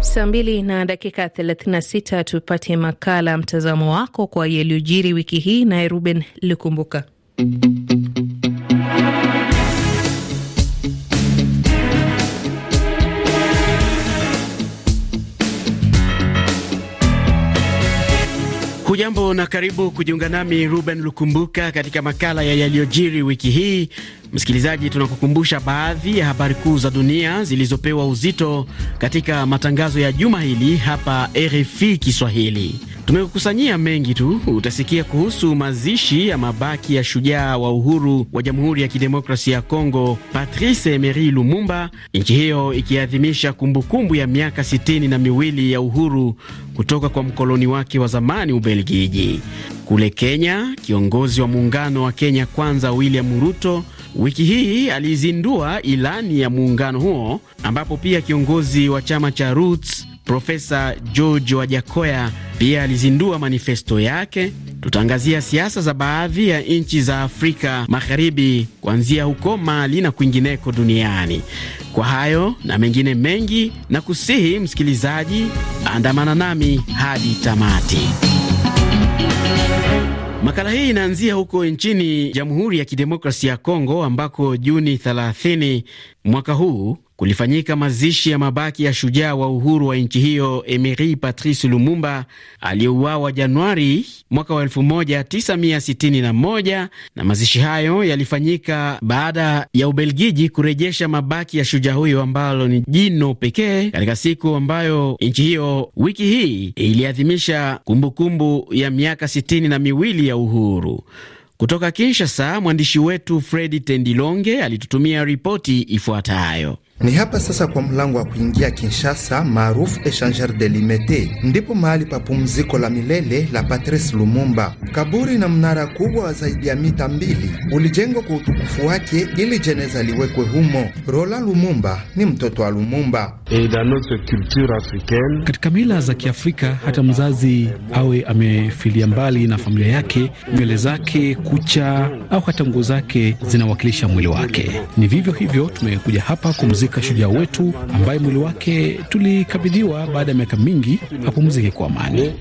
Saa mbili na dakika 36, tupate makala mtazamo wako kwa yaliyojiri wiki hii, naye Ruben Likumbuka. Hujambo na karibu kujiunga nami Ruben Lukumbuka katika makala ya yaliyojiri wiki hii Msikilizaji, tunakukumbusha baadhi ya habari kuu za dunia zilizopewa uzito katika matangazo ya juma hili hapa RFI Kiswahili. Tumekukusanyia mengi tu. Utasikia kuhusu mazishi ya mabaki ya shujaa wa uhuru wa Jamhuri ya Kidemokrasia ya Kongo, Patrice Emery Lumumba, nchi hiyo ikiadhimisha kumbukumbu ya miaka sitini na miwili ya uhuru kutoka kwa mkoloni wake wa zamani Ubelgiji. Kule Kenya, kiongozi wa muungano wa Kenya Kwanza William Ruto Wiki hii alizindua ilani ya muungano huo ambapo pia kiongozi wa chama cha Roots Profesa George Wajakoya pia alizindua manifesto yake. Tutaangazia siasa za baadhi ya nchi za Afrika Magharibi, kuanzia huko Mali na kwingineko duniani. Kwa hayo na mengine mengi, na kusihi msikilizaji, andamana nami hadi tamati. Makala hii inaanzia huko nchini Jamhuri ya Kidemokrasia ya Kongo ambako Juni 30 mwaka huu kulifanyika mazishi ya mabaki ya shujaa wa uhuru wa nchi hiyo Emeri Patrice Lumumba aliyeuawa Januari mwaka wa 1961 na, na mazishi hayo yalifanyika baada ya Ubelgiji kurejesha mabaki ya shujaa huyo ambalo ni jino pekee katika siku ambayo nchi hiyo wiki hii iliadhimisha kumbukumbu ya miaka sitini na miwili ya uhuru. Kutoka Kinshasa, mwandishi wetu Fredi Tendilonge alitutumia ripoti ifuatayo. Ni hapa sasa kwa mlango wa kuingia Kinshasa maarufu Echangeur de Limete, ndipo mahali pa pumziko la milele la Patrice Lumumba. Kaburi na mnara kubwa wa zaidi ya mita mbili ulijengwa kwa utukufu wake ili jeneza liwekwe humo. rola Lumumba ni mtoto wa Lumumba. Katika mila za Kiafrika, hata mzazi awe amefilia mbali na familia yake, nywele zake, kucha au hata nguo zake zinawakilisha mwili wake. Ni vivyo hivyo tumekuja hapa kumzika kupumzika shujaa wetu ambaye mwili wake tulikabidhiwa baada ya miaka mingi apumzike kwa amani.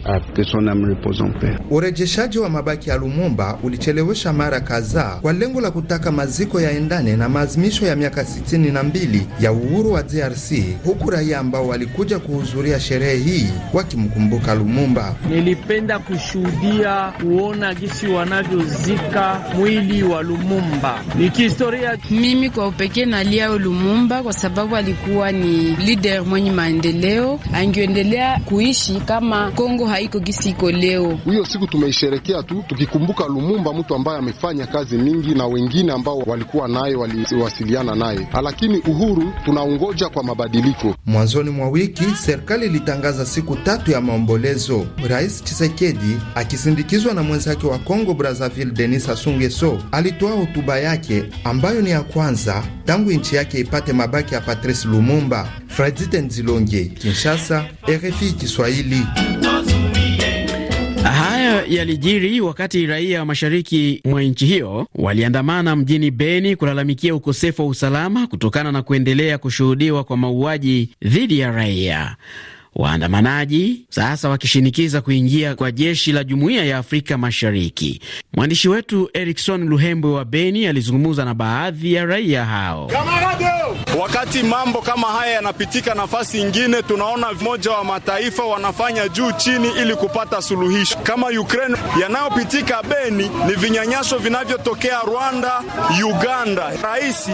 Urejeshaji wa mabaki ya Lumumba ulichelewesha mara kadhaa kwa lengo la kutaka maziko yaendane na maazimisho ya miaka 62 ya uhuru wa DRC, huku raia ambao walikuja kuhudhuria sherehe hii wakimkumbuka Lumumba. Nilipenda kushuhudia kuona jinsi wanavyozika mwili wa Lumumba. Ni kihistoria. Mimi kwa upekee nalia Lumumba kwa sababu alikuwa ni leader mwenye maendeleo, angeendelea kuishi kama Kongo haiko gisi iko leo. Hiyo siku tumeisherekea tu tukikumbuka Lumumba, mtu ambaye amefanya kazi mingi na wengine ambao walikuwa naye waliwasiliana naye, lakini uhuru tunaungoja kwa mabadiliko. Mwanzoni mwa wiki serikali ilitangaza siku tatu ya maombolezo, Rais chisekedi akisindikizwa na mwenzake wa Kongo Brazzaville Denis Asungeso alitoa hotuba yake ambayo ni ya kwanza tangu nchi yake ipate mabaki yake ya Patrice Lumumba. Fradite Nzilonge, Kinshasa, RFI Kiswahili. Hayo yalijiri wakati raia wa mashariki mwa nchi hiyo waliandamana mjini Beni kulalamikia ukosefu wa usalama kutokana na kuendelea kushuhudiwa kwa mauaji dhidi ya raia. Waandamanaji sasa wakishinikiza kuingia kwa jeshi la Jumuiya ya Afrika Mashariki. Mwandishi wetu Erikson luhembwe wa Beni alizungumza na baadhi ya raia hao. Kamarade! Wakati mambo kama haya yanapitika nafasi ingine, tunaona mmoja wa mataifa wanafanya juu chini ili kupata suluhisho. Kama Ukraine, yanayopitika Beni ni vinyanyaso vinavyotokea Rwanda, Uganda. Rais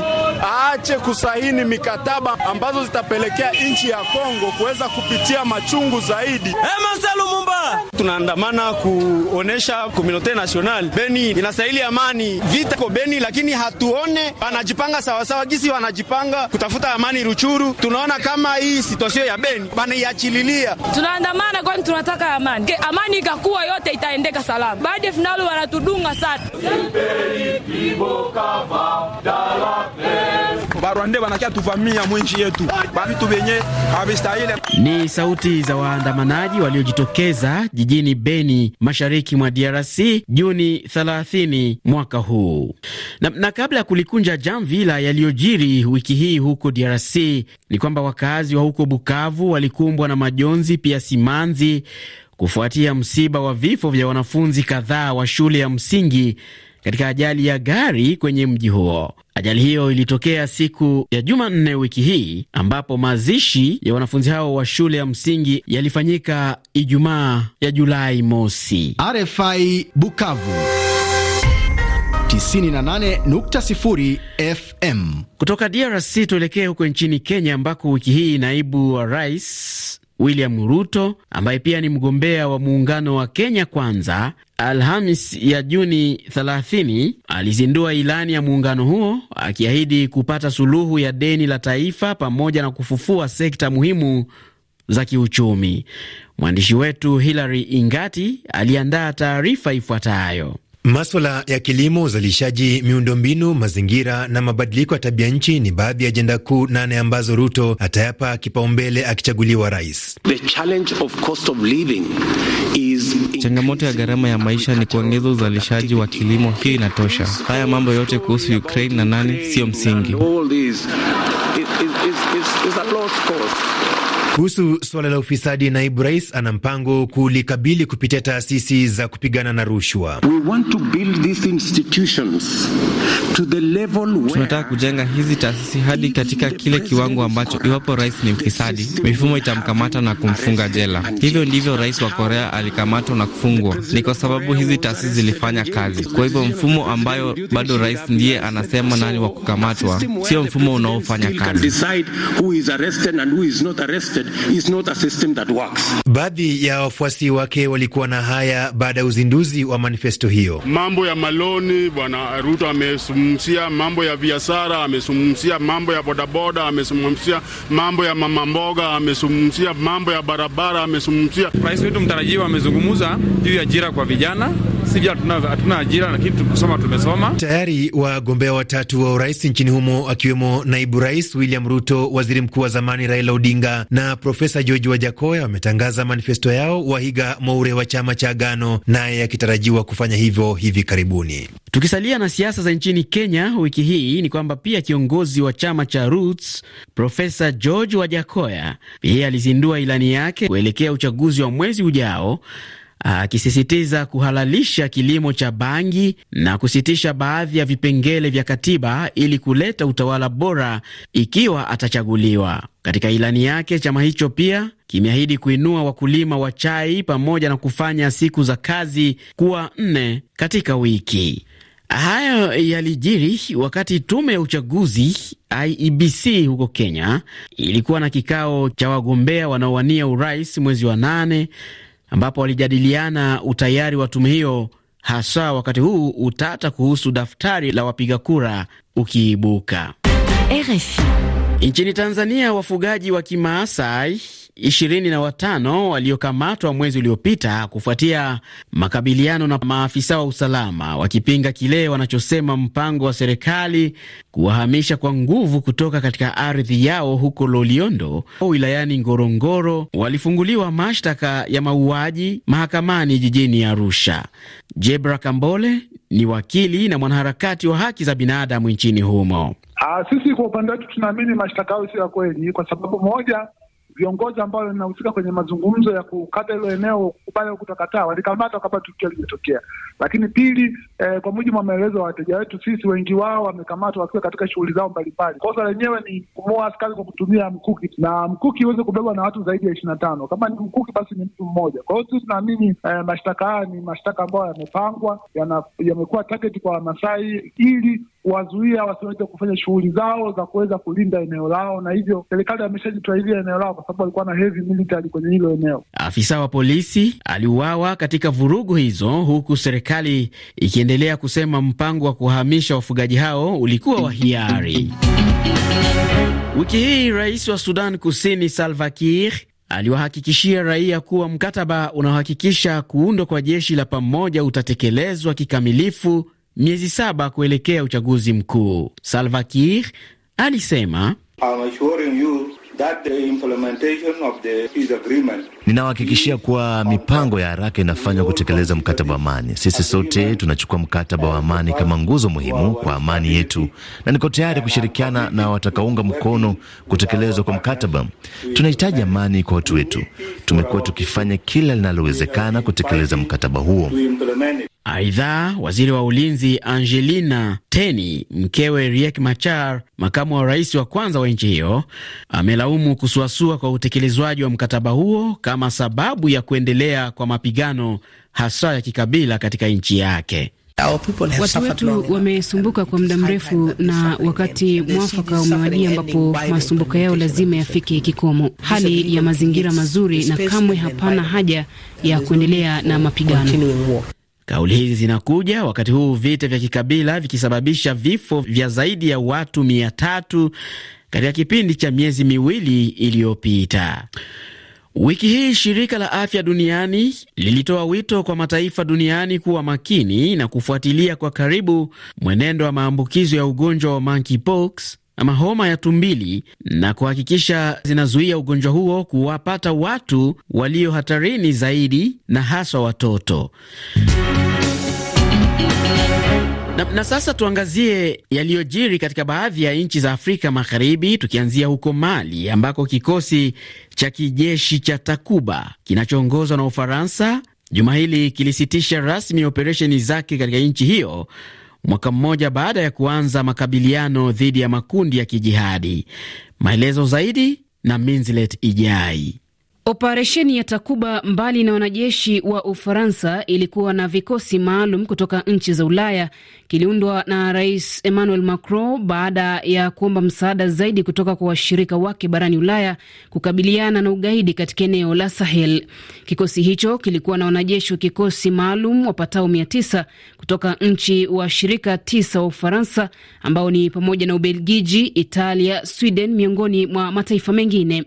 aache kusahini mikataba ambazo zitapelekea nchi ya Kongo kuweza kupitia machungu zaidi. Eh, Tunaandamana kuonesha komunote nasional Beni inastahili amani. Vita ko Beni, lakini hatuone wanajipanga sawasawa, gisi wanajipanga kutafuta amani Ruchuru. Tunaona kama hii situasio ya Beni banaiachililia, tunaandamana kwani tunataka amani Ke, amani ikakuwa yote itaendeka salama. Baada ya finalo wanatudunga sana Barwande tuvamia mwinji yetu bavitu havistahili. Ni sauti za waandamanaji waliojitokeza jijini Beni, mashariki mwa DRC Juni 30 mwaka huu. Na, na kabla ya kulikunja jamvi la yaliyojiri wiki hii huko DRC ni kwamba wakazi wa huko Bukavu walikumbwa na majonzi pia simanzi kufuatia msiba wa vifo vya wanafunzi kadhaa wa shule ya msingi katika ajali ya gari kwenye mji huo. Ajali hiyo ilitokea siku ya Jumanne wiki hii ambapo mazishi ya wanafunzi hao wa shule ya msingi yalifanyika Ijumaa ya Julai mosi. RFI Bukavu 98.0 FM. Kutoka DRC tuelekee huko nchini Kenya ambako wiki hii naibu wa rais William Ruto ambaye pia ni mgombea wa muungano wa Kenya Kwanza, Alhamis ya Juni 30 alizindua ilani ya muungano huo akiahidi kupata suluhu ya deni la taifa pamoja na kufufua sekta muhimu za kiuchumi. Mwandishi wetu Hilary Ingati aliandaa taarifa ifuatayo. Maswala ya kilimo, uzalishaji, miundombinu, mazingira na mabadiliko ya tabia nchi ni baadhi ya ajenda kuu nane ambazo Ruto atayapa kipaumbele akichaguliwa rais. Changamoto ya gharama ya maisha ni kuongeza uzalishaji wa kilimo, hiyo inatosha. Haya mambo yote kuhusu Ukraine na nani siyo msingi. is, is kuhusu suala la ufisadi, naibu rais ana mpango kulikabili kupitia taasisi za kupigana na rushwa. Tunataka kujenga hizi taasisi hadi katika kile kiwango ambacho iwapo rais ni mfisadi, mifumo itamkamata na kumfunga jela. Hivyo ndivyo rais wa Korea alikamatwa na kufungwa, ni kwa sababu hizi taasisi zilifanya kazi. Kwa hivyo mfumo ambayo bado rais ndiye anasema nani wa kukamatwa, sio mfumo unaofanya kazi implemented is not a system that works. Baadhi ya wafuasi wake walikuwa na haya baada ya uzinduzi wa manifesto hiyo. Mambo ya maloni, bwana Ruto amesumumsia mambo ya biashara, amesumumsia mambo ya bodaboda, amesumumsia mambo ya mama mboga, amesumumsia mambo ya barabara, amesumumsia. Rais wetu mtarajiwa amezungumza juu ya ajira kwa vijana sivyo hatuna ajira, lakini tukusoma tumesoma. Tayari wagombea watatu wa urais nchini humo akiwemo naibu rais William Ruto, waziri mkuu wa zamani Raila Odinga na Profesa George Wajakoya wametangaza manifesto yao, Wahiga Mwaure wa chama cha Agano naye akitarajiwa kufanya hivyo hivi karibuni. Tukisalia na siasa za nchini Kenya wiki hii ni kwamba pia kiongozi wa chama cha Roots Profesa George Wajakoya pia alizindua ilani yake kuelekea uchaguzi wa mwezi ujao akisisitiza kuhalalisha kilimo cha bangi na kusitisha baadhi ya vipengele vya katiba ili kuleta utawala bora ikiwa atachaguliwa. Katika ilani yake, chama hicho pia kimeahidi kuinua wakulima wa chai pamoja na kufanya siku za kazi kuwa nne katika wiki. Hayo yalijiri wakati tume ya uchaguzi IEBC huko Kenya ilikuwa na kikao cha wagombea wanaowania urais mwezi wa nane ambapo walijadiliana utayari wa tume hiyo, hasa wakati huu utata kuhusu daftari la wapiga kura ukiibuka. RFI. Nchini Tanzania wafugaji wa Kimaasai ishirini na watano waliokamatwa mwezi uliopita kufuatia makabiliano na maafisa wa usalama wakipinga kile wanachosema mpango wa serikali kuwahamisha kwa nguvu kutoka katika ardhi yao huko Loliondo wilayani Ngorongoro walifunguliwa mashtaka ya mauaji mahakamani jijini Arusha. Jebra Kambole ni wakili na mwanaharakati wa haki za binadamu nchini humo. Aa, ah, sisi kwa upande wetu tunaamini mashtaka hayo sio ya kweli, kwa sababu moja viongozi ambao wanahusika kwenye mazungumzo ya kukata hilo eneo kubali au kutakataa walikamata kabla tukio limetokea. Lakini pili, eh, kwa mujibu wa maelezo ya wateja wetu sisi, wengi wao wamekamatwa wakiwa katika shughuli zao mbalimbali. Kosa lenyewe ni kumoa askari kwa kutumia mkuki, na mkuki huwezi kubebwa na watu zaidi ya ishirini na tano. Kama ni mkuki, basi ni mtu mmoja. Kwa hiyo sisi tunaamini eh, mashtaka haya ni mashtaka ambayo yamepangwa, yamekuwa target kwa Wamasai ili kuwazuia wasiweze kufanya shughuli zao za kuweza kulinda eneo lao, na hivyo serikali ameshajitwailia eneo lao kwa sababu walikuwa na heavy military kwenye hilo eneo. Afisa wa polisi aliuawa katika vurugu hizo, huku serikali ikiendelea kusema mpango wa kuhamisha wafugaji hao ulikuwa wa hiari. Wiki hii rais wa Sudan Kusini Salva Kiir aliwahakikishia raia kuwa mkataba unaohakikisha kuundwa kwa jeshi la pamoja utatekelezwa kikamilifu miezi saba kuelekea uchaguzi mkuu. Salva Kiir alisema Ninawahakikishia kuwa mipango ya haraka inafanywa kutekeleza mkataba wa amani. Sisi sote tunachukua mkataba wa amani kama nguzo muhimu kwa amani yetu, na niko tayari kushirikiana na watakaunga mkono kutekelezwa kwa mkataba. Tunahitaji amani kwa watu wetu. Tumekuwa tukifanya kila linalowezekana kutekeleza mkataba huo. Aidha, waziri wa ulinzi Angelina Teny, mkewe Riek Machar, makamu wa rais wa kwanza wa nchi hiyo, amelaumu kusuasua kwa utekelezwaji wa mkataba huo kama sababu ya kuendelea kwa mapigano hasa ya kikabila katika nchi yake. Watu wetu wamesumbuka kwa muda mrefu na wakati mwafaka umewajia ambapo masumbuko yao lazima yafike kikomo. Hali ya mazingira mazuri, na kamwe hapana haja ya kuendelea na mapigano. Kauli hizi zinakuja wakati huu vita vya kikabila vikisababisha vifo vya zaidi ya watu mia tatu katika kipindi cha miezi miwili iliyopita. Wiki hii shirika la afya duniani lilitoa wito kwa mataifa duniani kuwa makini na kufuatilia kwa karibu mwenendo wa maambukizo ya ugonjwa wa monkeypox ama homa ya tumbili na kuhakikisha zinazuia ugonjwa huo kuwapata watu walio hatarini zaidi na haswa watoto. Na, na sasa tuangazie yaliyojiri katika baadhi ya nchi za Afrika Magharibi tukianzia huko Mali ambako kikosi cha kijeshi cha Takuba kinachoongozwa na Ufaransa juma hili kilisitisha rasmi operesheni zake katika nchi hiyo mwaka mmoja baada ya kuanza makabiliano dhidi ya makundi ya kijihadi. Maelezo zaidi na minzlet Ijai. Operesheni ya Takuba, mbali na wanajeshi wa Ufaransa, ilikuwa na vikosi maalum kutoka nchi za Ulaya. Kiliundwa na Rais Emmanuel Macron baada ya kuomba msaada zaidi kutoka kwa washirika wake barani Ulaya kukabiliana na ugaidi katika eneo la Sahel. Kikosi hicho kilikuwa na wanajeshi wa kikosi maalum wapatao mia tisa kutoka nchi washirika tisa wa Ufaransa, ambao ni pamoja na Ubelgiji, Italia, Sweden, miongoni mwa mataifa mengine.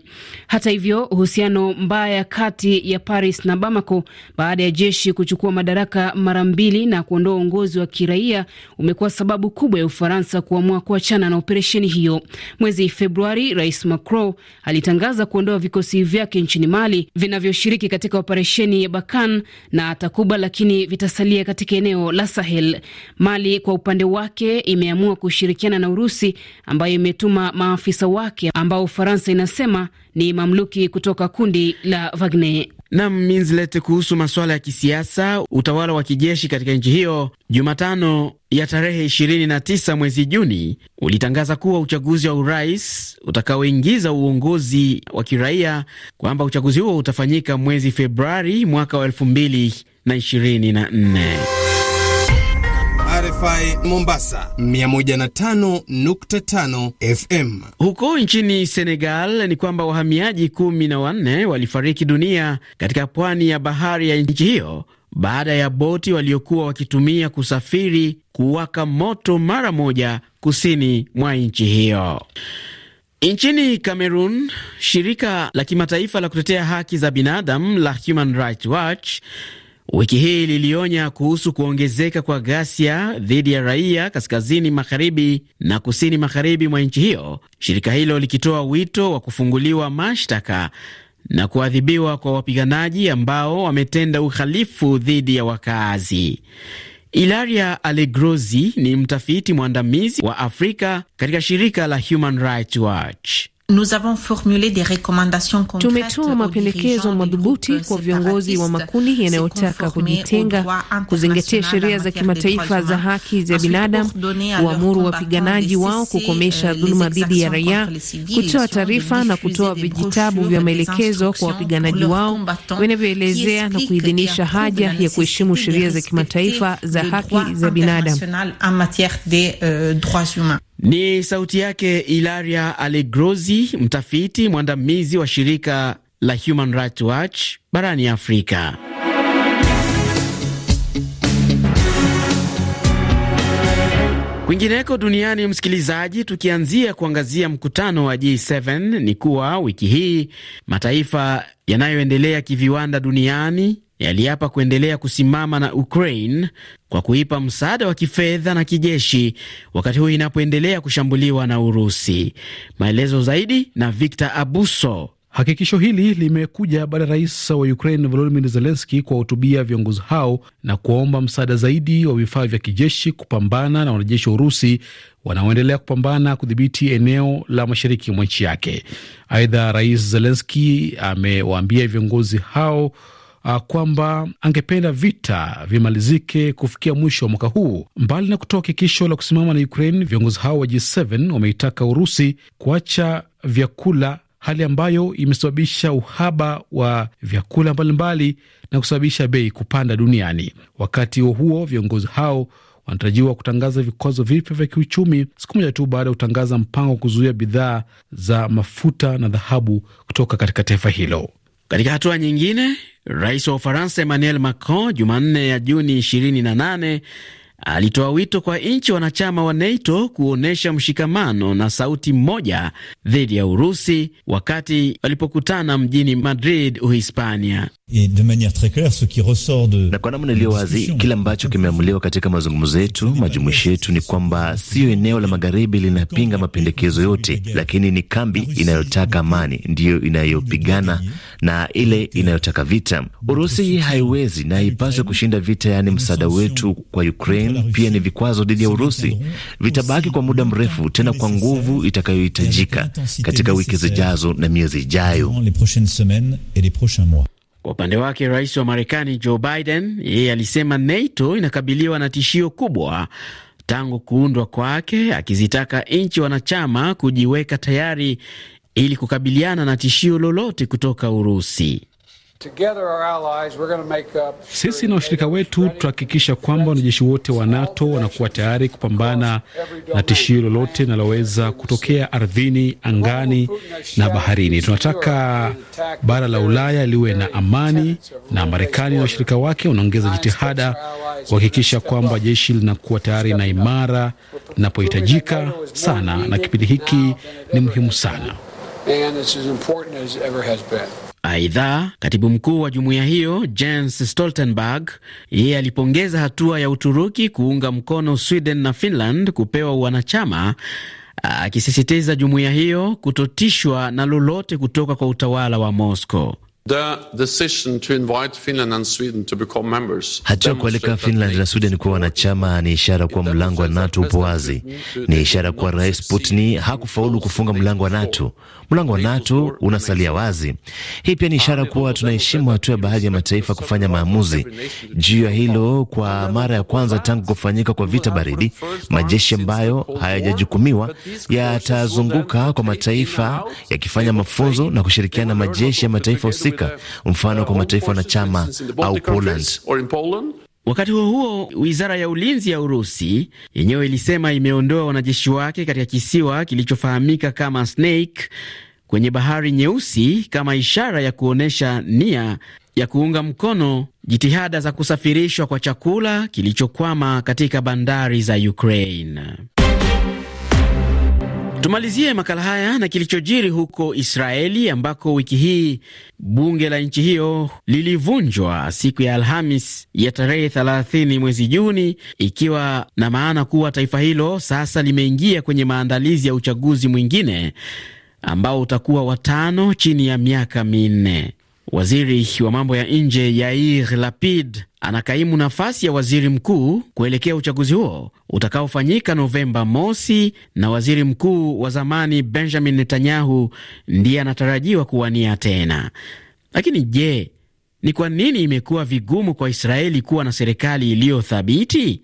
Hata hivyo uhusiano mbaya kati ya Paris na Bamako baada ya jeshi kuchukua madaraka mara mbili na kuondoa uongozi wa kiraia umekuwa sababu kubwa ya Ufaransa kuamua kuachana na operesheni hiyo. Mwezi Februari, Rais Macron alitangaza kuondoa vikosi vyake nchini Mali vinavyoshiriki katika operesheni ya Bakan na Takuba, lakini vitasalia katika eneo la Sahel. Mali kwa upande wake imeamua kushirikiana na Urusi ambayo imetuma maafisa wake ambao Ufaransa inasema ni mamluki kutoka kundi la Wagner. Nam minzlet kuhusu masuala ya kisiasa, utawala wa kijeshi katika nchi hiyo Jumatano ya tarehe 29 mwezi Juni ulitangaza kuwa uchaguzi wa urais utakaoingiza uongozi wa kiraia kwamba uchaguzi huo utafanyika mwezi Februari mwaka wa 2024. RFI Mombasa 105.5 FM. Huko nchini Senegal ni kwamba wahamiaji kumi na wanne walifariki dunia katika pwani ya bahari ya nchi hiyo baada ya boti waliokuwa wakitumia kusafiri kuwaka moto mara moja kusini mwa nchi hiyo. Nchini Cameroon, shirika la kimataifa la kutetea haki za binadamu la Human Rights Watch Wiki hii lilionya kuhusu kuongezeka kwa ghasia dhidi ya raia kaskazini magharibi na kusini magharibi mwa nchi hiyo, shirika hilo likitoa wito wa kufunguliwa mashtaka na kuadhibiwa kwa wapiganaji ambao wametenda uhalifu dhidi ya wakaazi. Ilaria Alegrozi ni mtafiti mwandamizi wa Afrika katika shirika la Human Rights Watch. Tumetoa mapendekezo madhubuti kwa viongozi wa makundi yanayotaka kujitenga, kuzingatia sheria za kimataifa za haki za binadamu, kuamuru wapiganaji wao kukomesha euh, dhuluma dhidi ya raia, kutoa taarifa na kutoa vijitabu vya maelekezo kwa wapiganaji wao vinavyoelezea na kuidhinisha haja ya kuheshimu sheria za kimataifa za haki za binadamu. Ni sauti yake Ilaria Alegrozi, mtafiti mwandamizi wa shirika la Human Rights Watch barani Afrika. Kwingineko duniani, msikilizaji, tukianzia kuangazia mkutano wa G7 ni kuwa wiki hii mataifa yanayoendelea kiviwanda duniani yaliapa kuendelea kusimama na Ukraine kwa kuipa msaada wa kifedha na kijeshi wakati huu inapoendelea kushambuliwa na Urusi. Maelezo zaidi na Victor Abuso. Hakikisho hili limekuja baada ya rais wa Ukraine Volodimir Zelenski kuwahutubia viongozi hao na kuwaomba msaada zaidi wa vifaa vya kijeshi kupambana na wanajeshi wa Urusi wanaoendelea kupambana kudhibiti eneo la mashariki mwa nchi yake. Aidha, rais zelenski amewaambia viongozi hao uh, kwamba angependa vita vimalizike kufikia mwisho wa mwaka huu. Mbali na kutoa hakikisho la kusimama na Ukraine, viongozi hao wa G7 wameitaka Urusi kuacha vyakula, hali ambayo imesababisha uhaba wa vyakula mbalimbali na kusababisha bei kupanda duniani. Wakati huo huo, viongozi hao wanatarajiwa kutangaza vikwazo vipya vya kiuchumi siku moja tu baada ya kutangaza mpango wa kuzuia bidhaa za mafuta na dhahabu kutoka katika taifa hilo. Katika hatua nyingine, rais wa Ufaransa Emmanuel Macron Jumanne ya Juni 28 alitoa wito kwa nchi wanachama wa NATO kuonyesha mshikamano na sauti moja dhidi ya Urusi wakati walipokutana mjini Madrid, Uhispania. Na kwa namna iliyo wazi, kile ambacho kimeamuliwa katika mazungumzo yetu, majumuishi yetu, ni kwamba siyo eneo la magharibi linapinga mapendekezo yote, lakini ni kambi inayotaka amani ndiyo inayopigana na ile inayotaka vita. Urusi haiwezi na haipaswi kushinda vita, yaani msaada wetu kwa Ukraine Ukraine pia ni vikwazo dhidi ya Urusi vitabaki kwa muda mrefu, tena kwa nguvu itakayohitajika katika wiki zijazo na miezi ijayo. Kwa upande wake, rais wa Marekani Joe Biden yeye alisema NATO inakabiliwa na tishio kubwa tangu kuundwa kwake, akizitaka nchi wanachama kujiweka tayari ili kukabiliana na tishio lolote kutoka Urusi. Sisi na washirika wetu tutahakikisha kwamba wanajeshi wote wa NATO wanakuwa tayari kupambana na tishio lolote linaloweza kutokea ardhini, angani na baharini. Tunataka bara la Ulaya liwe na amani, na Marekani na washirika wake wanaongeza jitihada kuhakikisha kwamba jeshi linakuwa tayari na imara linapohitajika sana, na kipindi hiki ni muhimu sana. Aidha, katibu mkuu wa jumuiya hiyo Jens Stoltenberg yeye alipongeza hatua ya Uturuki kuunga mkono Sweden na Finland kupewa wanachama, akisisitiza jumuiya hiyo kutotishwa na lolote kutoka kwa utawala wa Moscow. Hatua kualika Finland na Sweden kuwa wanachama ni ishara kuwa mlango wa NATO upo wazi, ni ishara kuwa Rais Putin hakufaulu kufunga mlango wa NATO. Mlango wa NATO unasalia wazi. Hii pia ni ishara kuwa tunaheshimu hatua ya baadhi ya mataifa kufanya maamuzi juu ya hilo. Kwa mara ya kwanza tangu kufanyika kwa vita baridi, majeshi ambayo hayajajukumiwa yatazunguka kwa mataifa yakifanya mafunzo na kushirikiana na majeshi ya mataifa husika Afrika, mfano kwa mataifa wanachama au Poland. Wakati huo huo, wizara ya ulinzi ya Urusi yenyewe ilisema imeondoa wanajeshi wake katika kisiwa kilichofahamika kama Snake kwenye bahari Nyeusi kama ishara ya kuonyesha nia ya kuunga mkono jitihada za kusafirishwa kwa chakula kilichokwama katika bandari za Ukraine. Tumalizie makala haya na kilichojiri huko Israeli ambako wiki hii bunge la nchi hiyo lilivunjwa siku ya Alhamis ya tarehe 30 mwezi Juni, ikiwa na maana kuwa taifa hilo sasa limeingia kwenye maandalizi ya uchaguzi mwingine ambao utakuwa watano chini ya miaka minne. Waziri wa mambo ya nje Yair Lapid anakaimu nafasi ya waziri mkuu kuelekea uchaguzi huo utakaofanyika Novemba mosi, na waziri mkuu wa zamani Benjamin Netanyahu ndiye anatarajiwa kuwania tena. Lakini je, ni kwa nini imekuwa vigumu kwa Israeli kuwa na serikali iliyothabiti?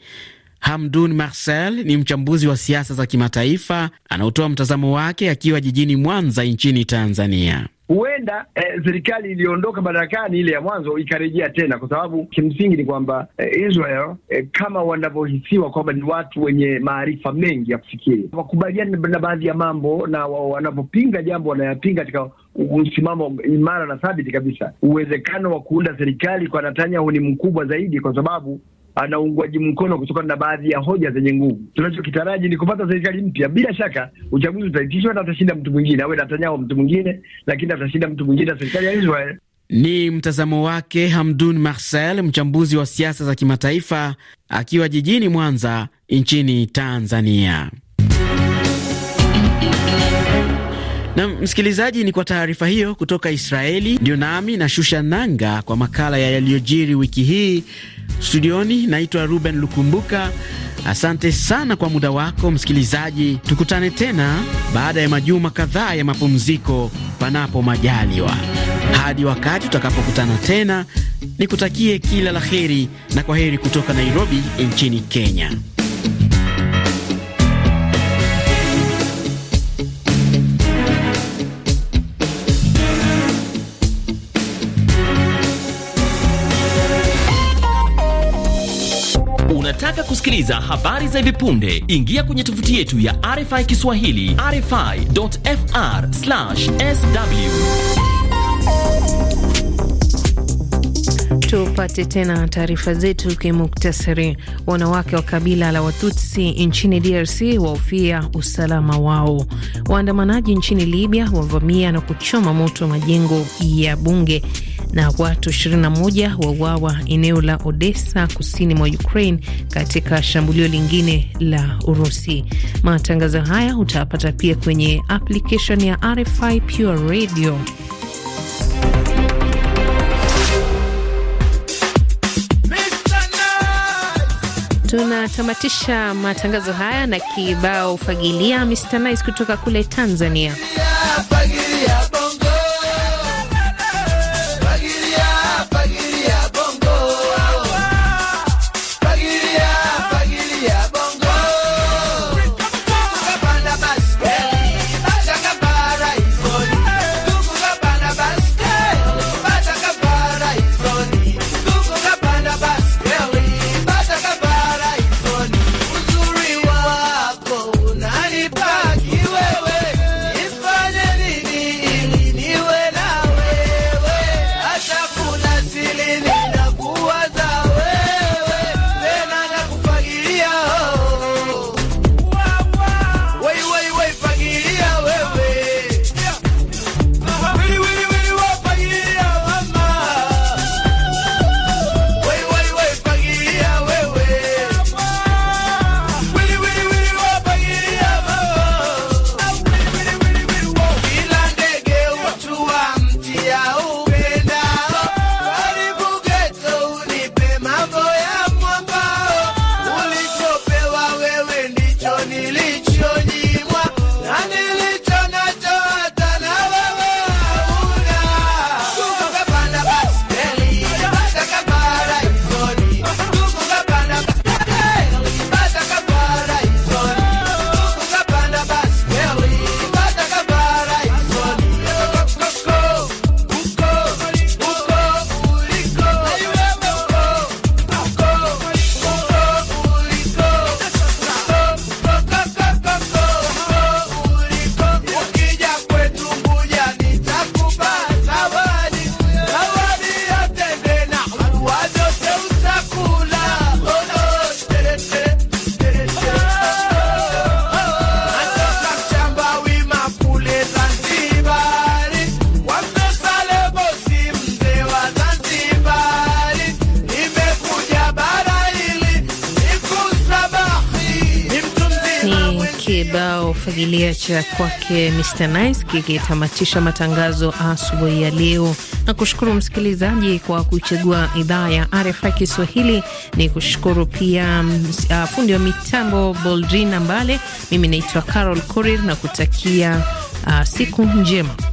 Hamdun Marcel ni mchambuzi wa siasa za kimataifa, anaotoa mtazamo wake akiwa jijini Mwanza nchini Tanzania. Huenda eh, serikali iliyoondoka iliondoka madarakani ile ya mwanzo ikarejea tena, kwa sababu kimsingi ni kwamba eh, Israel eh, kama wanavyohisiwa kwamba ni watu wenye maarifa mengi ya kufikiri, wakubaliani na baadhi ya mambo na wanapopinga jambo wanayapinga katika msimamo imara na thabiti kabisa. Uwezekano wa kuunda serikali kwa Netanyahu ni mkubwa zaidi, kwa sababu ana uungwaji mkono kutokana na baadhi ya hoja zenye nguvu. Tunachokitaraji ni kupata serikali mpya. Bila shaka uchaguzi utaitishwa na atashinda mtu mwingine, awe Netanyahu mtu mwingine, lakini atashinda mtu mwingine na serikali ya Israel. Ni mtazamo wake Hamdun Marcel, mchambuzi wa siasa za kimataifa, akiwa jijini Mwanza nchini Tanzania. Na msikilizaji, ni kwa taarifa hiyo kutoka Israeli ndio nami na shusha nanga kwa makala ya yaliyojiri wiki hii. Studioni naitwa Ruben Lukumbuka. Asante sana kwa muda wako msikilizaji, tukutane tena baada ya majuma kadhaa ya mapumziko, panapo majaliwa. Hadi wakati tutakapokutana tena, nikutakie kila la heri na kwa heri kutoka Nairobi nchini Kenya. Unataka kusikiliza habari za hivi punde? Ingia kwenye tovuti yetu ya RFI Kiswahili, rfi.fr/sw. Tupate tena taarifa zetu kimuktasari. Wanawake wa kabila la Watutsi nchini DRC wahofia usalama wao. Waandamanaji nchini Libya wavamia na kuchoma moto majengo ya bunge na watu 21 wauawa eneo la Odessa kusini mwa Ukraine katika shambulio lingine la Urusi. Matangazo haya utapata pia kwenye application ya RFI Pure Radio. Tunatamatisha matangazo haya na kibao fagilia Mr Nice kutoka kule Tanzania. kibao fagilia cha kwake Mr Nice kikitamatisha matangazo asubuhi ya leo, na kushukuru msikilizaji kwa kuchagua idhaa ya RFI Kiswahili. Ni kushukuru pia uh, fundi wa mitambo Boldrin Ambale. Mimi naitwa Carol Korir na kutakia uh, siku njema.